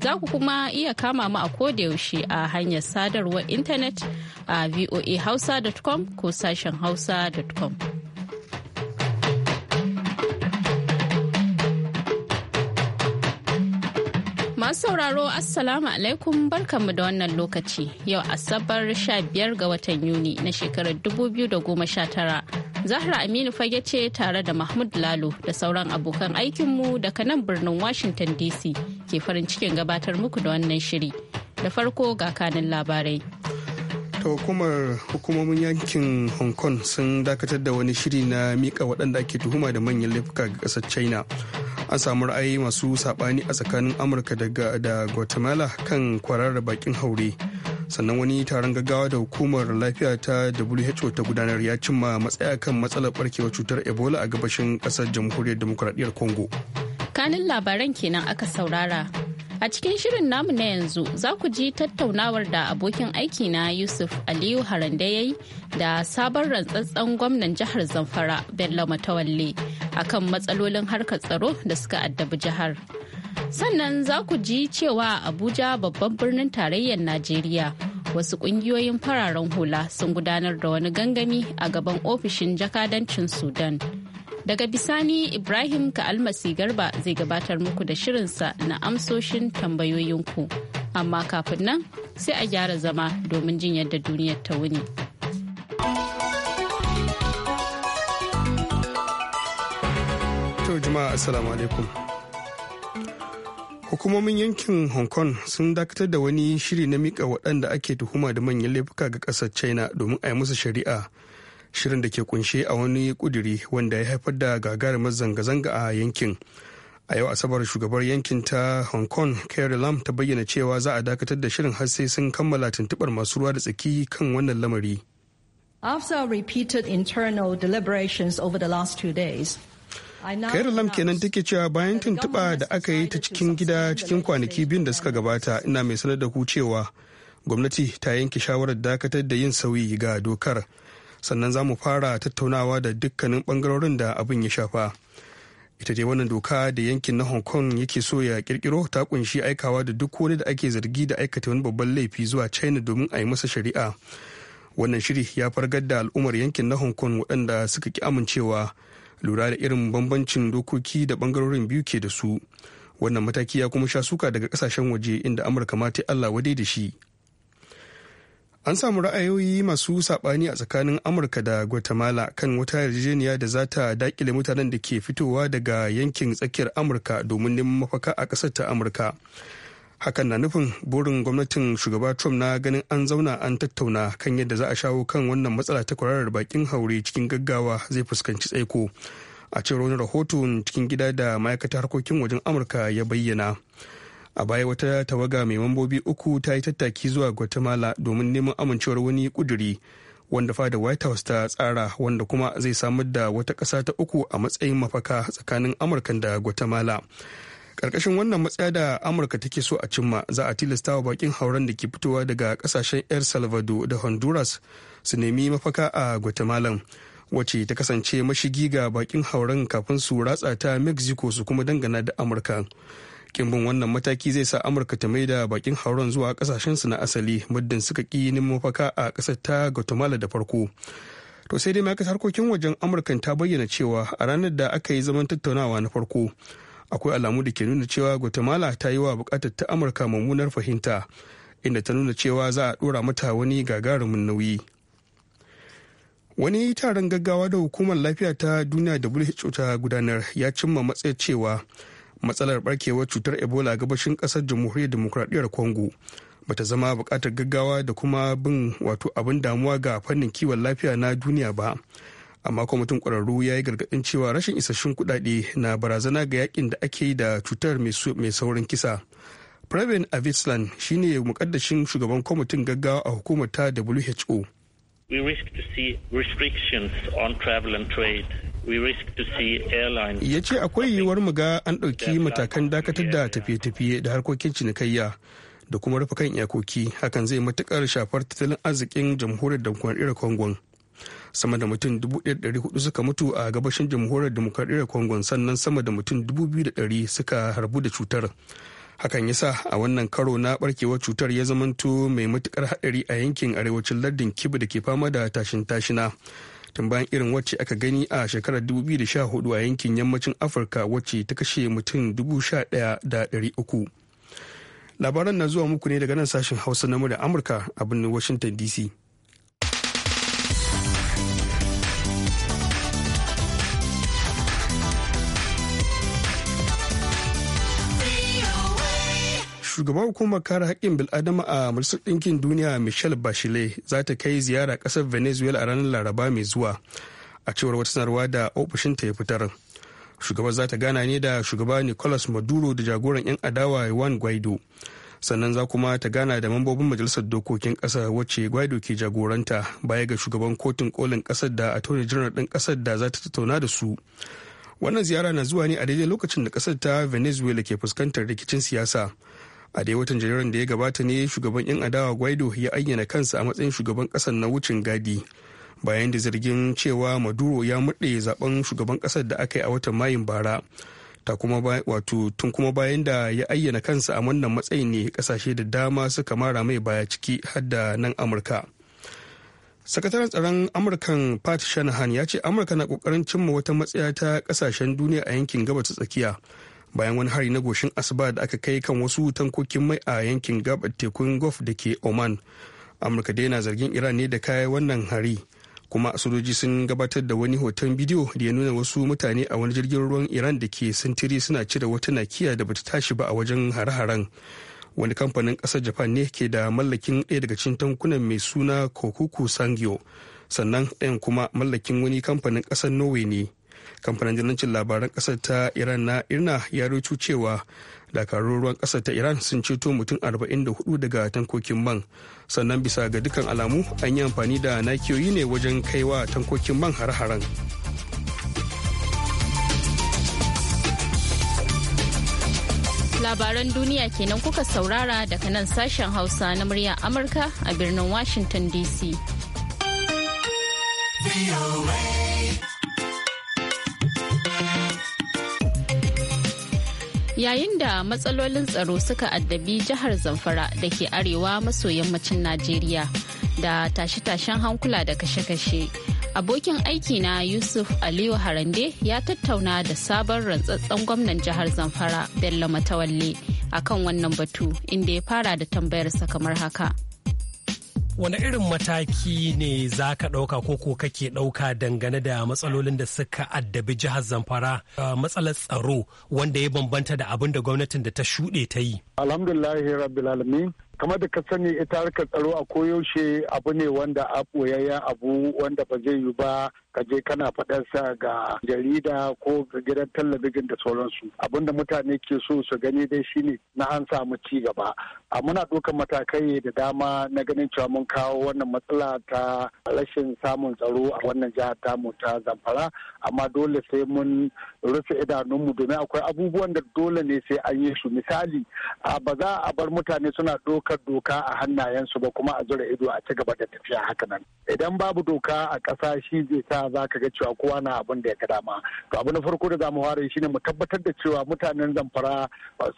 Za ku kuma iya kama mu a yaushe a hanyar sadarwar intanet a voahausa.com ko sashen hausa.com. Masu sauraro Assalamu alaikum barkanmu da wannan lokaci yau Asabar 15 ga watan Yuni na shekarar 2019. Zahra Aminu fage ce tare da Mahmud Lalo da sauran abokan aikinmu daga nan birnin Washington DC ke farin cikin gabatar muku da wannan shiri. Da farko ga kanin labarai. ta hukumar hukumomin yankin hong kong sun dakatar da wani shiri na mika waɗanda ake tuhuma da manyan laifuka ga ƙasar china an samu ra'ayi masu saɓani a tsakanin amurka da guatemala kan kwararra bakin haure sannan wani taron gaggawa da hukumar lafiya ta who ta gudanar ya cimma matsaya kan matsalar barkewar cutar ebola a gabashin kasar jamhuriyar demokuraɗiyyar congo kanin labaran kenan aka saurara A cikin shirin namu na yanzu za ku ji tattaunawar da abokin aiki na Yusuf Aliyu Harande yayi da sabon rantsatsen gwamnan jihar Zamfara Bello Matawalle akan matsalolin harkar tsaro da suka addabi jihar. Sannan za ku ji cewa Abuja babban birnin tarayyar Najeriya. wasu kungiyoyin fararen hula sun gudanar da wani gangami a gaban ofishin jakadancin sudan Daga bisani Ibrahim Ka'almasi Garba zai gabatar muku da shirinsa na amsoshin tambayoyinku. Amma kafin nan sai a gyara zama domin jin yadda duniyar ta wuni. jima'a Hukumomin yankin Hong Kong sun dakatar da wani shiri na miƙa waɗanda ake tuhuma da manyan laifuka ga ƙasar China domin a yi musu shari'a. shirin da ke kunshe a wani kuduri wanda ya haifar da gagarumar zanga-zanga a yankin a yau asabar shugabar yankin ta hong kong carrie lam ta bayyana cewa za a dakatar da shirin har sai sun kammala tuntubar masu ruwa da tsaki kan wannan lamari After repeated internal deliberations over last two days, Lam kenan take cewa bayan tuntuɓa da aka yi ta cikin gida cikin kwanaki biyun da suka gabata ina mai sanar da ku cewa gwamnati ta yanke shawarar dakatar da yin sauyi ga dokar sannan za mu fara tattaunawa da dukkanin bangarorin da abin ya shafa ita dai wannan doka da yankin na hong kong yake so ya kirkiro ta kunshi aikawa da duk wani da ake zargi da aikata wani babban laifi zuwa china domin a yi masa shari'a wannan shiri ya fargar da al'ummar yankin na hong kong waɗanda suka ki amincewa lura da irin bambancin dokoki da bangarorin biyu ke da su wannan mataki ya kuma sha suka daga kasashen waje inda amurka ma ta allah wadai da shi an samu ra'ayoyi masu saɓani a tsakanin amurka da guatemala kan wata yarjejeniya da za ta dakile mutanen da ke fitowa daga yankin tsakiyar amurka domin neman mafaka a ƙasar ta amurka hakan na nufin burin gwamnatin shugaba trump na ganin an zauna an tattauna kan yadda za a shawo kan wannan matsala ta kwararar bakin haure cikin gaggawa zai fuskanci tsaiko a cewar wani rahoton cikin gida da ma'aikatar harkokin wajen amurka ya bayyana. a baya wata tawaga mai mambobi uku ta yi tattaki zuwa guatemala domin neman amincewar wani kuduri wanda fada white house ta tsara wanda kuma zai samar da wata ƙasa ta uku a matsayin mafaka tsakanin amurka da guatemala ƙarƙashin wannan matsaya da amurka take so a cimma za a tilasta wa bakin hauren da ke fitowa daga ƙasashen el salvador da honduras su nemi mafaka a guatemala wacce ta kasance mashigi ga bakin hauren kafin su ratsa ta mexico su kuma dangana da amurka kin bin wannan mataki zai sa amurka ta maida bakin hauren zuwa kasashensu na asali muddin suka ƙi neman mafaka a ƙasar ta guatemala da farko to sai dai ma'aikatar harkokin wajen amurka ta bayyana cewa a ranar da aka yi zaman tattaunawa na farko akwai alamu da ke nuna cewa guatemala ta yi wa bukatar ta amurka mummunar fahimta inda ta nuna cewa za a dora mata wani gagarumin nauyi wani taron gaggawa da hukumar lafiya ta duniya who ta gudanar ya cimma matsayin cewa matsalar barkewar cutar ebola gabashin kasar jamhuriyar demokuraɗiyyar congo bata zama bukatar gaggawa da kuma bin wato abin damuwa ga fannin kiwon lafiya na duniya ba amma kwamitin kwararru ya yi gargadin cewa rashin isasshun kudade na barazana ga yakin da ake yi da cutar mai saurin kisa Pravin Avislan shine mukaddashin shugaban kwamitin gaggawa a hukumar ta WHO. We risk to see restrictions on travel and trade ya ce akwai yiwuwar mu ga an ɗauki matakan dakatar da tafiye-tafiye da harkokin cinikayya da kuma rufe kan iyakoki hakan zai matukar shafar tattalin arzikin jamhuriyar demokuraɗiyar kongon sama da mutum 1,400 suka mutu a gabashin jamhuriyar demokuraɗiyar kongon sannan sama da mutum 2,100 suka harbu da cutar hakan yasa a wannan karo na barkewar cutar ya zamanto mai matukar haɗari a yankin arewacin lardin kibu da ke fama da tashin tashina tun bayan irin wacce aka gani a shekarar 2014 a yankin yammacin afirka wacce ta kashe mutum 11,300 labaran na zuwa muku ne daga nan sashen hausa na murya amurka a birnin washington dc shugaban hukumar kare haƙƙin bil'adama a majalisar ɗinkin duniya michelle bachelet za ta kai ziyara ƙasar venezuela a ranar laraba mai zuwa a cewar wata sanarwa da ofishin ta ya fitar shugaban za ta gana ne da shugaba nicolas maduro da jagoran 'yan adawa juan guaido sannan za kuma ta gana da mambobin majalisar dokokin ƙasa wacce guaido ke jagoranta baya ga shugaban kotun kolin ƙasar da attorney general ɗin ƙasar da za ta tattauna da su wannan ziyara na zuwa ne a daidai lokacin da ƙasar ta venezuela ke fuskantar rikicin siyasa a dai watan janairun da ya gabata ne shugaban 'yan adawa guaido ya ayyana kansa a matsayin shugaban kasar na wucin gadi bayan da zargin cewa maduro ya murɗe zaben shugaban kasar da aka yi a watan mayin bara wato tun kuma bayan da ya ayyana kansa a wannan matsayin ne kasashe da dama suka mara mai baya ciki har da nan amurka sakataren tsaron amurkan pat shanahan ya ce amurka na kokarin cimma wata matsaya ta kasashen duniya a yankin gabas tsakiya bayan wani hari na goshin asuba da aka kai kan wasu tankokin mai a yankin gabar tekun gulf da ke oman amurka dai na zargin iran ne da kayan wannan hari kuma sojoji sun gabatar da wani hoton bidiyo da ya nuna wasu mutane a wani jirgin ruwan iran da ke sintiri suna cire wata nakiya da bata tashi ba a wajen hare-haren wani kamfanin kasar japan ne ke da mallakin ɗaya daga cikin tankunan mai suna kokuku sangyo sannan ɗayan kuma mallakin wani kamfanin ƙasar norway ne kamfanin jirgin labaran kasar ta iran na irna ya rucu cewa dakarun ruwan kasar ta iran sun ceto mutum 44 daga tankokin man sannan bisa ga dukkan alamu an yi amfani da nakiyoyi ne wajen kaiwa tankokin man har-haren labaran duniya kenan kuka saurara daga nan sashen hausa na murya amurka a birnin washington dc. yayin da matsalolin tsaro suka addabi jihar zamfara da ke arewa maso yammacin najeriya da tashe-tashen hankula da kashe-kashe abokin aikina yusuf aliyu harande ya tattauna da sabon rantsatsen gwamnan jihar zamfara bello matawalle akan wannan batu inda ya fara da tambayarsa kamar haka. wani irin mataki ne za ka ɗauka ko ko kake ɗauka dangane da matsalolin da suka addabi jihar zamfara matsalar tsaro wanda ya bambanta da abin da gwamnatin da ta shuɗe ta yi alhamdulillahi rabbil alamin kamar da ka sani ita harkar tsaro a koyaushe abu ne wanda a ɓoyayyen abu wanda ba zai yi ba ka je kana faɗarsa ga jarida ko ga gidan talabijin da sauransu abinda mutane ke so su gani dai shine na an samu ci gaba a muna ɗaukar matakai da dama na ganin cewa mun kawo wannan matsala ta rashin samun tsaro a wannan jihar ta ta zamfara amma dole sai mun rufe idanunmu domin akwai abubuwan da dole ne sai an yi su misali ba za a bar mutane suna ɗaukar dokar doka a hannayensu ba kuma a zura ido a ci gaba da tafiya haka nan idan babu doka a ƙasa shi zai sa za ka ga cewa kowa na abin da ya dama to abu na farko da za mu ware shine mu tabbatar da cewa mutanen zamfara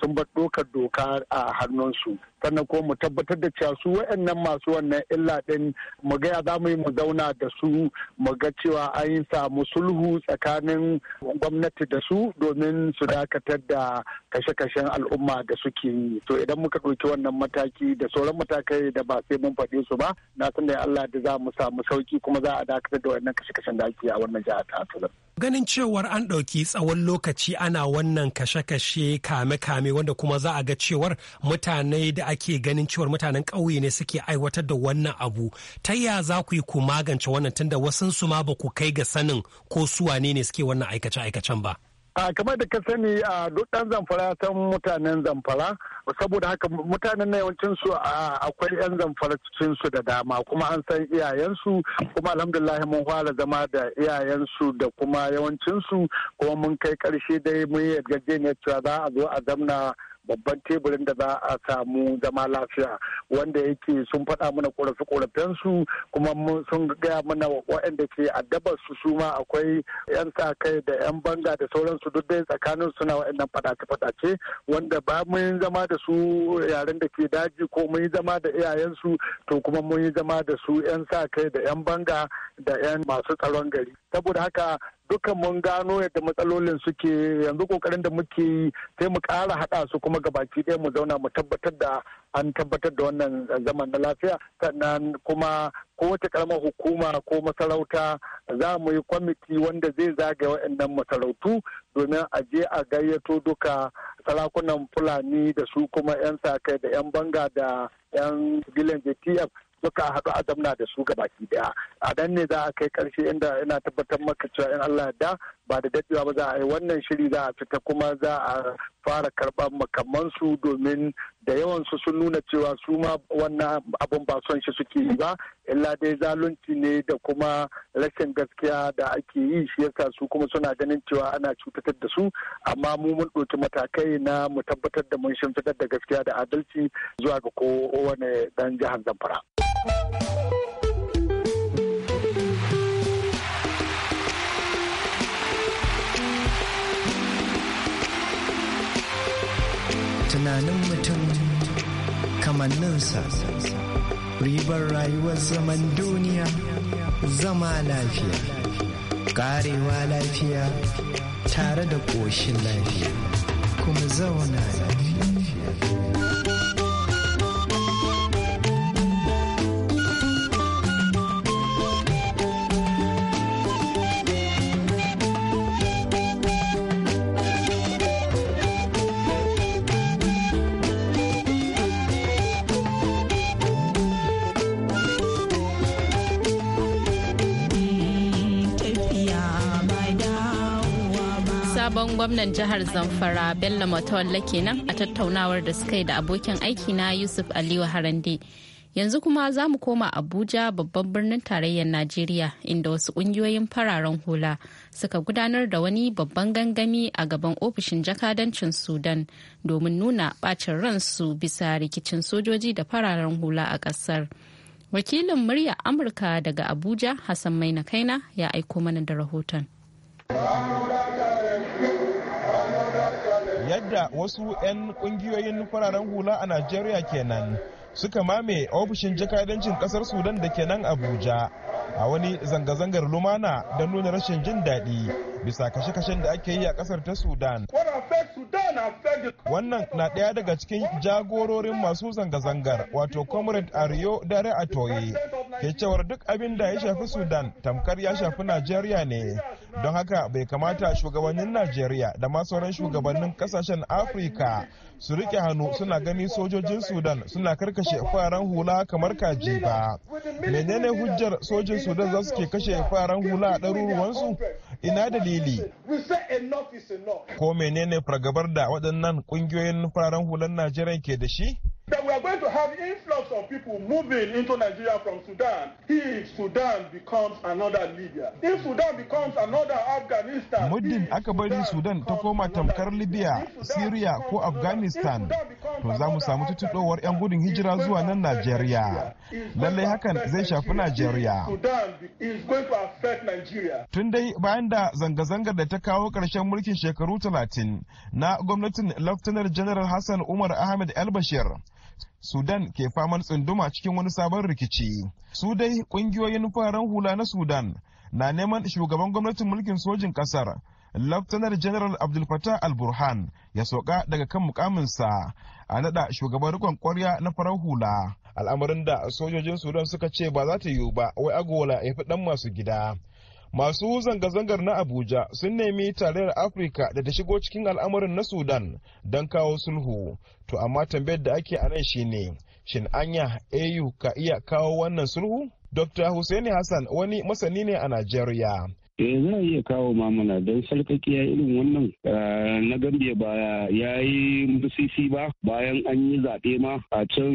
sun bar dokar doka a hannunsu sannan ko mu tabbatar da cewa su wa'annan masu wannan illa din mu gaya za mu yi mu zauna da su mu ga cewa an yi samu sulhu tsakanin gwamnati da su domin su dakatar da kashe-kashen al'umma da suke yi to idan muka ɗauki wannan mataki da sauran matakai da ba sai mun faɗi su ba na san da Allah da za mu samu sauki kuma za a dakatar da wannan kashe-kashen da ake a wannan jihar ta Ganin cewar an ɗauki tsawon lokaci ana wannan kashe-kashe kame-kame wanda kuma za a ga cewar mutane da ake ganin cewar mutanen ƙauye ne suke aiwatar da wannan abu. Ta ya za ku yi ku magance wannan tunda wasansu ma ba ku kai ga sanin ko su wane ne suke wannan aikace-aikacen ba. a kamar da ka sani a duk dan zamfara ya san mutanen zamfara saboda haka mutanen na yawancin su akwai yan zamfara cikin su da dama kuma an san iyayensu kuma alhamdulillah mun fara zama da iyayensu da kuma yawancin su kuma mun kai karshe dai mun yi yarjejeniya cewa za a zo a zamna babban teburin da za a samu zama lafiya wanda yake sun faɗa mana korafi korafensu kuma sun gaya mana waɗanda ke addabar su suma akwai 'yan sa kai da 'yan banga da sauransu duk dai tsakanin suna waɗannan faɗace-faɗace wanda ba mun zama da su yaren da ke daji ko mun zama da iyayensu to kuma mun zama da su 'yan sa kai da 'yan banga da 'yan masu tsaron gari saboda haka duka mun gano yadda matsalolin suke yanzu kokarin da muke yi sai mu ƙara haɗa su kuma gabaki ɗaya mu zauna mu tabbatar da an tabbatar da wannan zaman na lafiya sannan kuma kowace karamar hukuma ko masarauta za mu yi kwamiti wanda zai zage waɗannan masarautu domin a je a gayyato duka sarakunan fulani da su kuma 'yan kai da 'yan banga da 'yan gilan jtf duka haɗu a zamna da su gabaki daya a dan ne za a kai karshe inda ina tabbatar maka cewa in Allah da ba da daɗewa ba za a yi wannan shiri za a fita kuma za a fara karɓar su domin da yawansu sun nuna cewa su ma wannan abun ba son shi suke yi ba illa dai zalunci ne da kuma rashin gaskiya da ake yi shi yasa su kuma suna ganin cewa ana cutatar da su amma mu mun ɗauki matakai na mu tabbatar da mun shimfitar da gaskiya da adalci zuwa ga kowane dan jihar zamfara. tunanin mutum kamanninsa ribar rayuwar zaman duniya zama lafiya karewa lafiya tare da ƙoshin lafiya kuma zauna lafiya gwamnan jihar zamfara bello matawalla kenan a tattaunawar da suka yi da abokin aiki na yusuf aliyu harande yanzu kuma za mu koma abuja babban birnin tarayyar najeriya inda wasu kungiyoyin fararen hula suka gudanar da wani babban gangami a gaban ofishin jakadancin sudan domin nuna bacin ransu bisa rikicin sojoji da fararen hula a ƙasar wakilin murya amurka daga abuja hassan mai na kaina ya aiko mana da rahoton yadda wasu 'yan kungiyoyin fararen hula a najeriya kenan suka mame ofishin jakadancin kasar sudan da ke nan abuja a wani zanga-zangar lumana da nuna rashin jin daɗi bisa kashe-kashen da ake yi a kasar ta sudan wannan na ɗaya daga cikin jagororin masu zanga-zangar wato comrade ariyo dare atoye ke cewar duk abin da ya shafi sudan tamkar ya shafi najeriya ne don haka bai kamata shugabannin najeriya da ma sauran shugabannin kasashen afirka su rike hannu suna gani sojojin sudan suna karkashe fararen hula kamar kaji ba menene hujjar sojin sudan za su ke kashe fararen hula a ɗaruruwansu ina dalili ko menene fargabar da waɗannan ƙungiyoyin fararen hular najeriya ke da shi that we are going to have influx of people moving into Nigeria from Sudan, if Sudan becomes another Libya, if Sudan becomes another Afghanistan, muddin aka bari Sudan ta koma tamkar Libya, Syria ko Afghanistan, to za mu samu tutudowar 'yan gudun hijira zuwa nan Najeriya. Lallai hakan zai shafi Najeriya. Tun dai bayan da zanga-zangar da ta kawo ƙarshen mulkin shekaru talatin na gwamnatin Laftanar General Hassan Umar Ahmed El Bashir. Sudan ke faman tsunduma cikin wani sabon rikici. Su dai kungiyoyin fararen hula na Sudan na neman shugaban gwamnatin mulkin sojin kasar. Laftanar General Abdul Fattah Al-Burhan ya soka daga kan mukaminsa a nada shugaban rikon kwarya na farar hula. Al'amarin da sojojin Sudan suka ce ba za ta yiwu ba wai agola ya fi dan masu gida. masu zanga-zangar na abuja sun nemi tarayyar afirka da ta shigo cikin al'amarin na sudan don kawo sulhu to amma tambayar da ake a nan ne, shin anya au ka iya kawo wannan sulhu dr hussaini hassan wani masani ne a najeriya eh za a iya kawo mamana don sarkakiya irin wannan ah, na gambia ba ya yi musisi ba bayan an yi zaɓe ma a can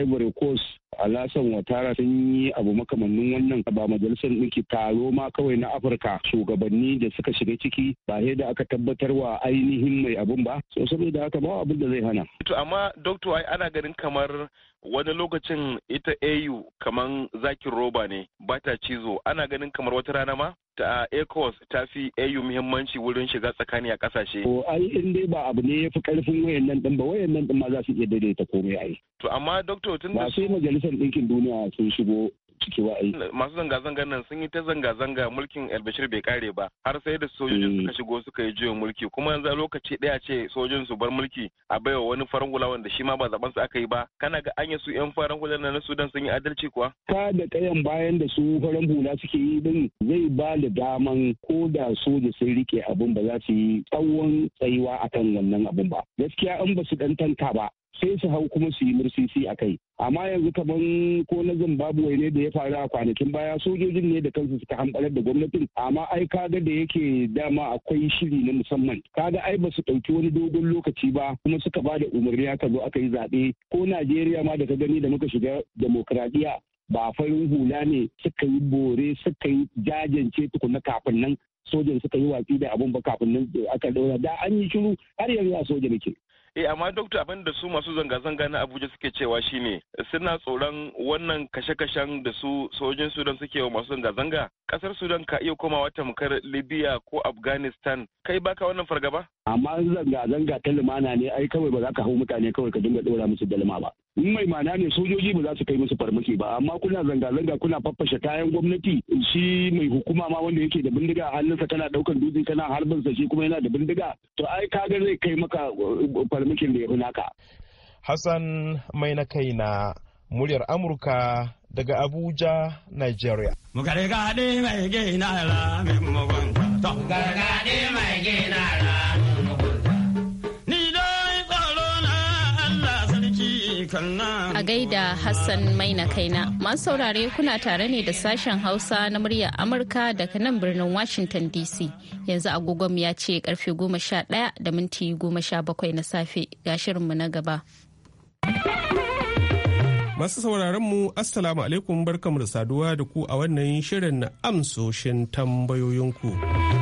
ivory coast alasan watara sun yi abu makamannin wannan ba majalisar ɗinki taro ma kawai na afirka shugabanni da suka shiga ciki ba sai da aka tabbatar wa ainihin mai abun ba so saboda haka ba abin da zai hana. to amma doctor ai ana ganin kamar wani lokacin ita au kamar zakin roba ne ba ta cizo ana ganin kamar wata rana ma ta ecos ta fi au muhimmanci wurin shiga tsakani a kasashe. to ai in dai ba abu ne ya fi karfin wayannan din ba wayannan din ma za su iya daidaita komai ai. to amma doctor tun da su majalisa majalisar ɗinkin duniya sun shigo ciki wa'ayi. Masu zanga-zangar nan sun yi ta zanga-zanga mulkin albashir bai kare ba har sai da sojojin suka mm. shigo suka yi juyin mulki kuma yanzu lokaci ɗaya ce sojojin su bar mulki a baiwa wani farin hula wanda shi ma ba zaben su aka yi ba kana ga anya su yan farin hula na Sudan sun yi adalci kuwa. Ta da kayan bayan da su farin hula suke yi din zai ba da daman ko da soja sun rike abun ba za su yi tsawon tsayuwa akan wannan abin ba. Gaskiya in ba su ɗan tanka ba sai su hau kuma su yi mursisi a kai amma yanzu kamar ko na zimbabwe ne da ya faru a kwanakin baya sojojin ne da kansu suka hamɓarar da gwamnatin amma ai kaga da yake dama akwai shiri na musamman kaga ai ba su ɗauki wani dogon lokaci ba kuma suka ba da umarni aka zo aka yi zaɓe ko najeriya ma da ka gani da muka shiga demokradiyya ba farin hula ne suka yi bore suka yi jajance tukuna kafin nan sojan suka yi watsi da abun ba kafin nan aka daura da an yi shiru har yanzu a soja nake Eh amma dokta abin da su masu zanga-zanga na Abuja suke cewa shine suna tsoron wannan kashe-kashen da su sojin Sudan suke wa masu zanga-zanga kasar Sudan ka iya komawa tamkar Libya ko Afghanistan kai baka wannan fargaba? Amma zanga-zanga ta lumana ne ai kawai ba za ka hau mutane kawai ka dinga dora musu dalma ba. in mai mana ne sojoji ba za su kai musu farmaki ba amma kuna zanga-zanga kuna faffashe kayan gwamnati shi mai hukuma ma wanda yake da bindiga a hannunsa kana daukan dutse kana harbin sa shi kuma yana da bindiga to ai kaga zai kai maka uh, farmakin da ya fi naka Hassan mai na kai na muryar Amurka daga Abuja, Nigeria. Mugargaɗe mai gina ra, mai mugunta. Mugargaɗe mai gina la. a gaida Hassan Maina kaina. Masu saurare kuna tare ne da sashen Hausa na muryar Amurka daga nan birnin Washington DC. Yanzu agogon ya ce karfe goma sha ɗaya da minti goma sha-bakwai na safe ga shirinmu na gaba. Masu sauraron mu Assalamu alaikum barkamu da saduwa da ku a wannan shirin na amsoshin tambayoyinku.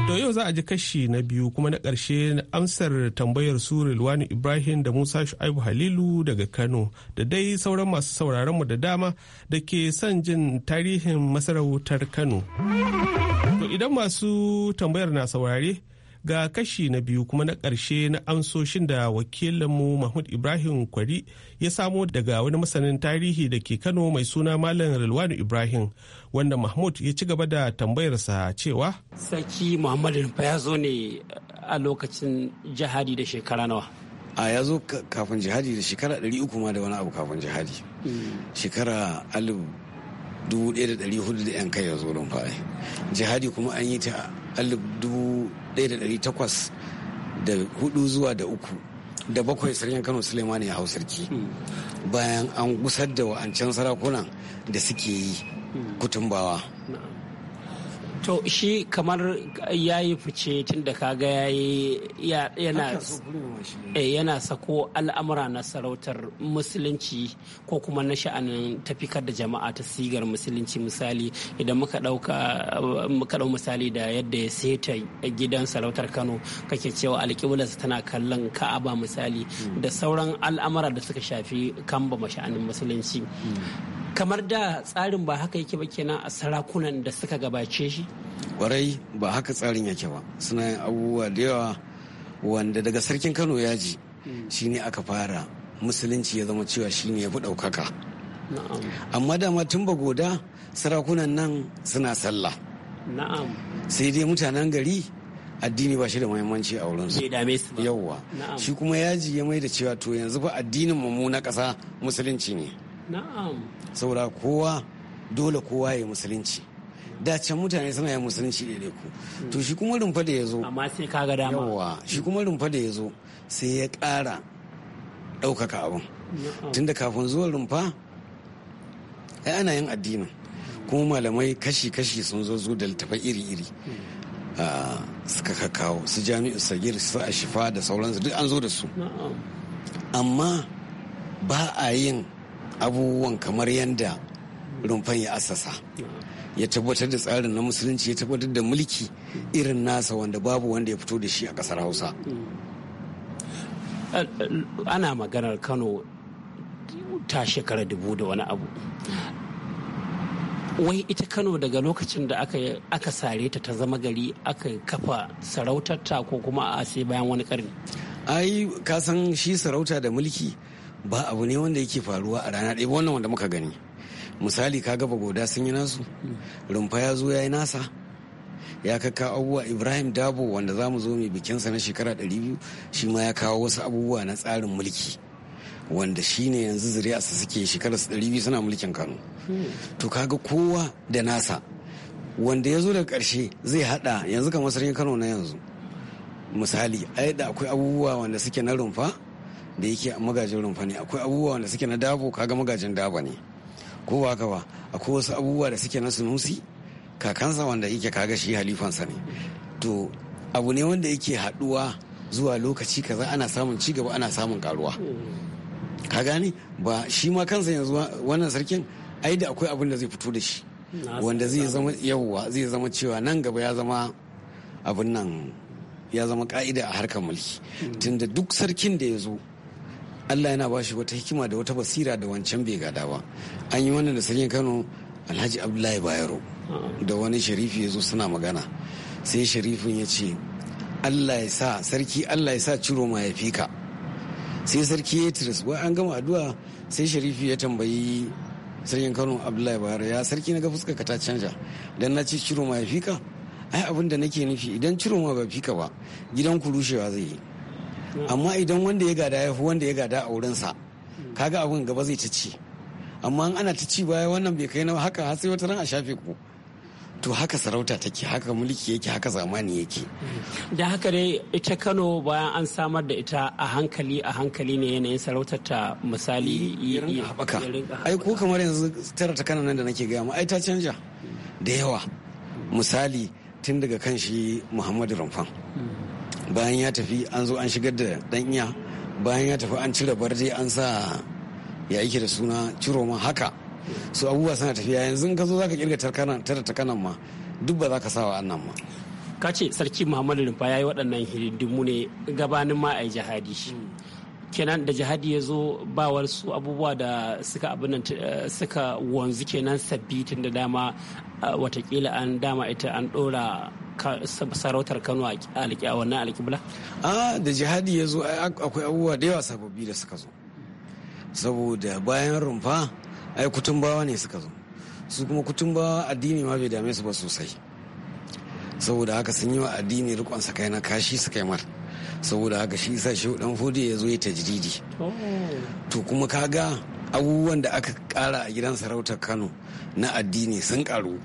To yau za a ji kashi na biyu kuma na ƙarshe na amsar tambayar su Rilwani Ibrahim da Musa Shu'aibu Halilu daga Kano da dai sauran masu sauraron mu da dama da ke son jin tarihin masarautar Kano. To idan masu tambayar na saurare ga kashi na biyu kuma na ƙarshe na amsoshin da wakilinmu mahmud ibrahim kwari ya samo daga wani masanin tarihi da ke kano mai suna malam rilwanu ibrahim wanda mahmud ya ci gaba da tambayarsa cewa sarki muhammadu ya zo ne a lokacin jihadi da shekara nawa a ya zo kafin jihadi da shekara 300 ma da wani abu kafin jihadi mm. shekara alif dubu ɗaya da ɗari hudu da yan kai ya zo fara jihadi kuma an yi ta alif dubu ɗaya da ɗari takwas da hudu zuwa da uku da bakwai sarkin kano suleimani ya hau sarki bayan an gusar da wa'ancan sarakunan da suke yi hmm. Hmm. kutumbawa to shi kamar ya yi fice tun da kaga ya yi yana sako al'amura na sarautar musulunci ko kuma na sha'anin tafikar da jama'a ta sigar musulunci misali idan muka ɗau misali da yadda ya seta gidan sarautar kano kake cewa alƙiblarsa tana kallon ka'aba misali hmm. da sauran al'amura da suka shafi kamba sha'anin musulunci hmm. kamar da tsarin ba haka yake ba kenan a sarakunan da suka gabace shi kwarai ba haka tsarin yake ba suna yin abubuwa da yawa wanda daga sarkin kano ya ji hmm. shine aka fara musulunci ya zama cewa shine ya fi ɗaukaka amma dama tun ba goda sarakunan nan suna sallah sai dai mutanen gari addini ba shi da muhimmanci a wurinsu. yauwa Shi kuma yaji ya mai da cewa to yanzu fa addinin mu na ƙasa musulunci ne. Na'am. Saboda kowa dole kowa ya musulunci. Da can mutane suna yin musulunci da ku. To shi kuma rumfa da ya zo. Amma sai ka ga dama. yawa shi kuma rumfa da ya zo sai ya ƙara ɗaukaka abin. Tunda kafin zuwa rumfa ai ana yin addinin. Kuma malamai kashi-kashi sun zo zo da littafai iri-iri. suka kakawo su jami'u sagir su a shifa da sauransu duk an zo da su amma ba a yin abubuwan kamar yadda rumfan ya asasa ya tabbatar da tsarin na musulunci ya tabbatar da mulki irin nasa wanda babu wanda ya fito da shi a kasar hausa eh, ana maganar kano ta shekara dubu da wani abu wai ita kano daga lokacin da aka, sare ta ta zama gari aka kafa sarautarta ko kuma a sai bayan wani karni ai kasan shi sarauta da mulki ba abu ne wanda yake faruwa a rana ɗaya wannan wanda muka gani misali ka gaba goda sun yi nasu rumfa ya zo ya yi nasa ya kaka abubuwa ibrahim dabo wanda za mu zo mai bikinsa na shekara 200 shi ma ya kawo wasu abubuwa na tsarin mulki wanda shi ne yanzu zuriyarsa suke shekarar 200 suna mulkin kano to kaga kowa da nasa wanda ya zo daga karshe zai hada yanzu kamar sarkin kano na yanzu misali ai da akwai abubuwa wanda suke na rumfa da yake magajin rumfa ne akwai abubuwa da suke na dabo kaga magajin daba ne ko ba haka ba akwai wasu abubuwa da suke na sunusi kakansa wanda yake kaga shi halifansa ne to abu ne wanda yake haduwa zuwa lokaci kaza ana samun ci gaba ana samun karuwa ka gani ba shi ma kansa yanzu wannan sarkin ai da akwai abin da zai fito da shi wanda zai zama yawwa zai zama cewa nan gaba ya zama abin nan ya zama ka'ida a harkar mulki hmm. tunda duk sarkin da ya zo Allah yana ba shi wata hikima da wata basira da wancan bai gada ba an yi wannan da sarkin Kano Alhaji Abdullahi Bayero da wani sharifi ya zo suna magana sai sharifin ya ce Allah ya sa sarki Allah ya sa ciro ma ya fi ka sai sarki ya tiris wai an gama addu'a sai sharifi ya tambayi sarkin Kano Abdullahi Bayero ya sarki na ga fuskar ka ta canja dan na ce ciro ma ya fi ka ai abin da nake nufi idan ciro ma ba fi ka ba gidan ku rushewa zai yi amma idan wanda ya gada ya fi wanda ya gada a wurinsa kaga abin gaba zai ta ci amma ana ta ci baya wannan bai kai na haka har sai wata ran a shafe ku to haka sarauta take haka mulki yake haka zamani yake da haka dai ita kano bayan an samar da ita a hankali a hankali ne yanayin sarautar ta misali haɓaka ai ko kamar yanzu tara ta nan da nake gaya ai ta canja da yawa misali tun daga kan shi muhammadu rumfan bayan ya tafi an zo an shigar da dan iya bayan ya tafi an cire barje an sa ya yake da suna ciro ma haka su abubuwa suna tafiya yanzu ka zo zaka kirga tara takanan ma duk ba za ka sawa annan ma ka ce sarki muhammadu rufa ya yi waɗannan hidindimu ne gabanin ma a yi jihadi hmm. kenan da jihadi ya zo ba wasu abubuwa da suka eh, suka wanzu kenan sabbitin da dama eh, watakila an dama ita an ɗora sarautar kano a wannan alƙibla? a da jihadi ya zo akwai abubuwa da yawa sababbi da suka zo saboda bayan rumfa ai kutumbawa ne suka zo su kuma kutumbawa addini ma bai dame su ba sosai saboda haka sun yi wa addini rikon na kashi su kai mar saboda haka shi sa shi dan hudu ya zo ya tajiridi oh. to kuma kaga abubuwan da aka kara a gidan sarautar kano na addini sun karu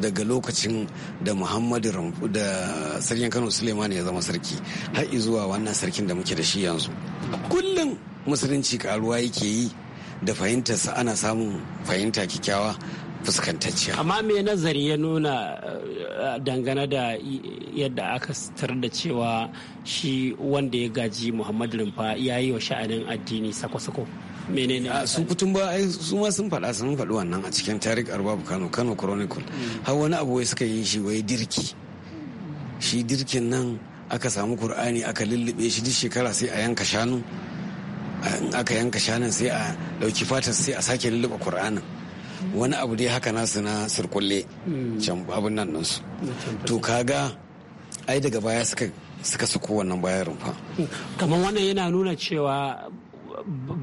daga lokacin da muhammadu da sarkin kano suleiman ya zama sarki har zuwa wannan sarkin da muke da shi yanzu kullum musulunci karuwa yake yi da fahimtarsa ana samun fahimta kyakkyawa fuskantacciya amma me nazari ya nuna eh, dangane da yadda aka tar da cewa shi wanda ya gaji muhammadu rumfa ya yi wa sha'anin addini sako-sako menene su kutun ba su ma sun faɗa sun faɗi wannan a cikin tarik arbabu kano kano chronicle mm. har wani abu wai suka yi shi wai dirki shi dirkin nan aka samu kur'ani aka lullube shi duk shekara sai a yanka shanu aka yanka shanun sai a ɗauki fatar sai a sake lullube kur'anin wani abu dai haka nasu na sirkulle mm. can abun nan ɗinsu to kaga ai daga baya suka suka sako wannan bayan rumfa mm. kamar wannan yana nuna cewa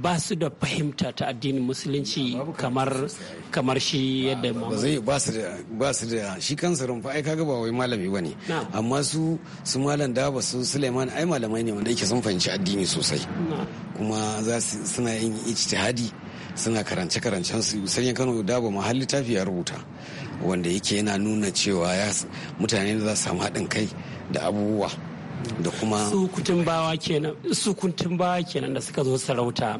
ba su da fahimta ta addinin musulunci kamar kamar shi yadda ba ba su da shi kansa rumfa ai kaga ba wai malami bane amma su su malam da ba su Suleiman ai malamai ne wanda yake sun fahimci addini sosai kuma za su suna yin ijtihadi suna karance karancen su sanya Kano da ba mahalli tafi ya rubuta wanda yake yana nuna cewa mutane da za su samu haɗin kai da abubuwa da kuma su bawa kenan su bawa kenan da suka zo sarauta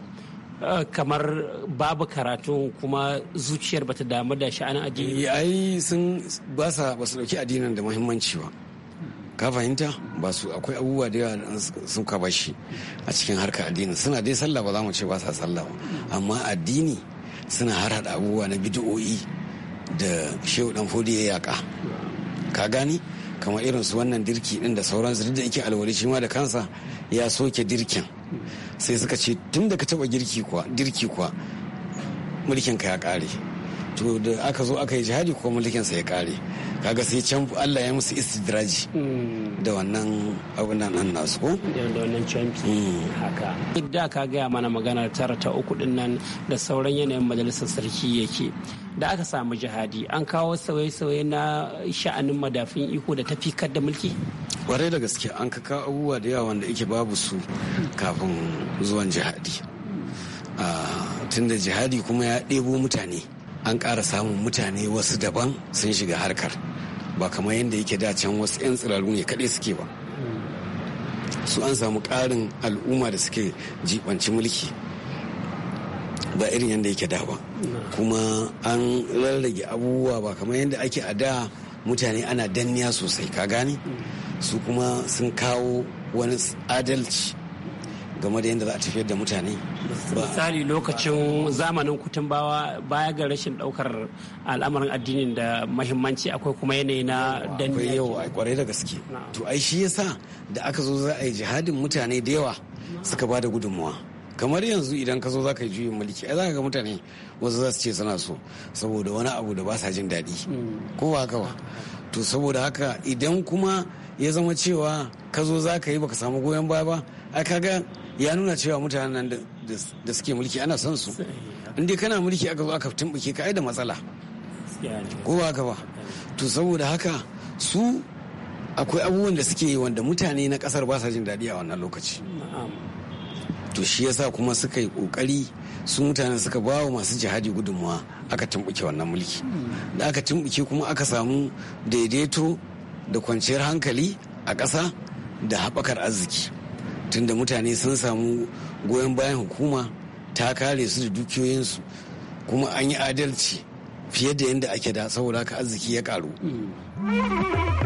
eh, kamar babu karatu kuma zuciyar bata damu da sha'anin addini ai sun ba sa ba su dauki addinin da muhimmanci ba ka fahimta ba su akwai abubuwa da yawa sun ka bashi a cikin harkar addini suna dai sallah ba za mu ce ba sa sallah amma addini suna harhaɗa abubuwa na bidi'o'i da shehu dan fodi ya yaka ka gani kamar irin su wannan dirki din da sauransu duk da yake alwali shi ma da kansa ya soke dirkin sai suka ce tun da ka taba girki kuwa dirki kuwa mulkin ka ya kare to da aka zo aka yi jihadi ko mulkin sa ya kare kaga sai can Allah ya musu istidraji da wannan abin nan nasu ko da wannan canfi mm. haka duk da ka gaya mana magana tara ta uku din nan da sauran yanayin majalisar sarki yake da aka samu jihadi an kawo sauye-sauye na sha'anin madafin iko da tafikar da mulki kwarai da gaske an ka kawo abubuwa da yawa wanda yake babu su kafin zuwan jihadi ah, tunda jihadi kuma ya ɗebo mutane an ƙara samun mutane wasu daban sun shiga harkar ba kamar yadda yake da can wasu 'yan tsirarru ne kaɗai suke ba su an samu ƙarin al'umma da suke jibanci mulki ba irin yadda yake da ba kuma an rarrage abubuwa ba kamar yadda ake a da mutane ana danniya sosai ka gane su kuma sun kawo wani adalci game da yadda za a tafiyar da mutane misali lokacin zamanin kutun bawa baya ga rashin daukar al'amarin addinin da mahimmanci akwai kuma yanayi na danniya yau a kwarai da gaske to ai shi yasa da aka zo za a yi jihadin mutane da yawa suka ba da gudunmawa kamar yanzu idan ka zo za ka yi juyin mulki ai za ka ga mutane wasu za su ce suna so saboda wani abu da ba sa jin daɗi hmm. ko ba haka ba to saboda haka idan kuma ya zama cewa ka zo za ka yi baka samu goyon baya ba ai kaga ya nuna cewa mutanen nan da suke mulki ana son su in dai kana mulki aka zo aka tumbuke ka ai da matsala ko ba haka ba to saboda haka su akwai abubuwan da suke yi wanda mutane na kasar ba sa jin daɗi a wannan lokaci to shi yasa kuma suka yi kokari su mutane suka ba wa masu jihadi gudunmawa aka tumbuke wannan mulki da aka tumbuke kuma aka samu daidaito da kwanciyar hankali a ƙasa da haɓakar arziki tunda mutane sun samu goyon bayan hukuma ta kare su da dukiyoyinsu kuma an yi adalci fiye da yadda ake da saboda haka arziki ya karu.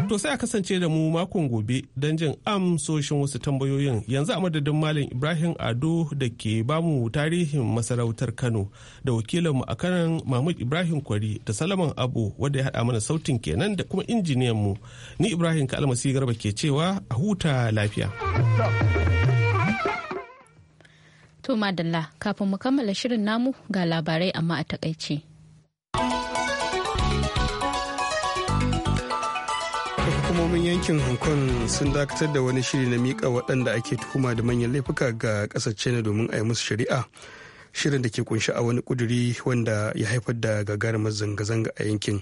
To sai a kasance da mu makon gobe don jin amsoshin wasu tambayoyin yanzu a madadin Malam Ibrahim Ado da ke bamu tarihin masarautar Kano da mu a kanan Mahmud Ibrahim Kwari da Salaman Abu wanda ya haɗa mana sautin kenan da kuma injiniyan mu Ni Ibrahim Kalmasi Garba ke cewa a huta lafiya. To Madalla kafin mu kammala shirin namu ga labarai amma a takaice. hukumomin yankin hong kong sun dakatar da wani shiri na mika waɗanda ake tuhuma da manyan laifuka ga ƙasar china domin a yi musu shari'a shirin da ke kunshi a wani kuduri wanda ya haifar da gagarumar zanga-zanga a yankin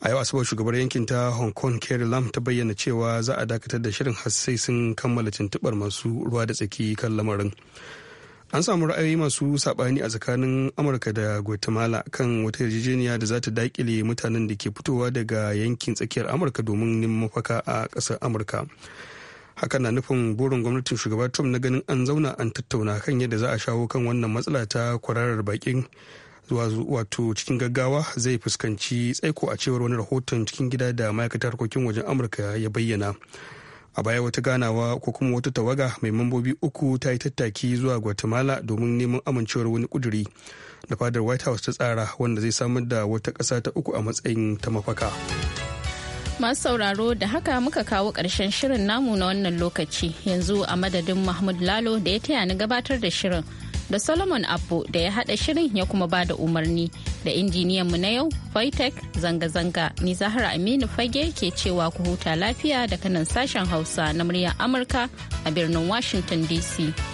a yau asabar shugabar yankin ta hong kong carrie lam ta bayyana cewa za a dakatar da shirin har sai sun kammala tuntubar masu ruwa da tsaki kan lamarin an samu ra'ayi masu saɓani a tsakanin amurka da guatemala kan wata yarjejeniya da za ta daƙile mutanen da ke fitowa daga yankin tsakiyar amurka domin neman mafaka a ƙasar amurka hakan na nufin burin gwamnatin shugaba trump na ganin an zauna an tattauna kan yadda za a shawo kan wannan matsala ta kwararar bakin wato cikin gaggawa zai fuskanci tsaiko a cewar wani rahoton cikin gida da ma'aikatar harkokin wajen amurka ya bayyana a baya wata ganawa ko kuma wata tawaga mai mambobi uku ta yi tattaki zuwa guatemala domin neman amincewar wani kuduri da fadar white house ta tsara wanda zai samar da wata ƙasa ta uku a matsayin ta mafaka masu sauraro da haka muka kawo ƙarshen shirin namu na wannan lokaci yanzu a madadin mahmud lalo da ya taya ni gabatar da shirin da solomon abu da ya haɗa shirin ya kuma ba da umarni da injiniyan mu na yau vitek zanga-zanga ni zahra aminu fage ke cewa ku huta lafiya da nan sashen hausa na muryar amurka a birnin washington dc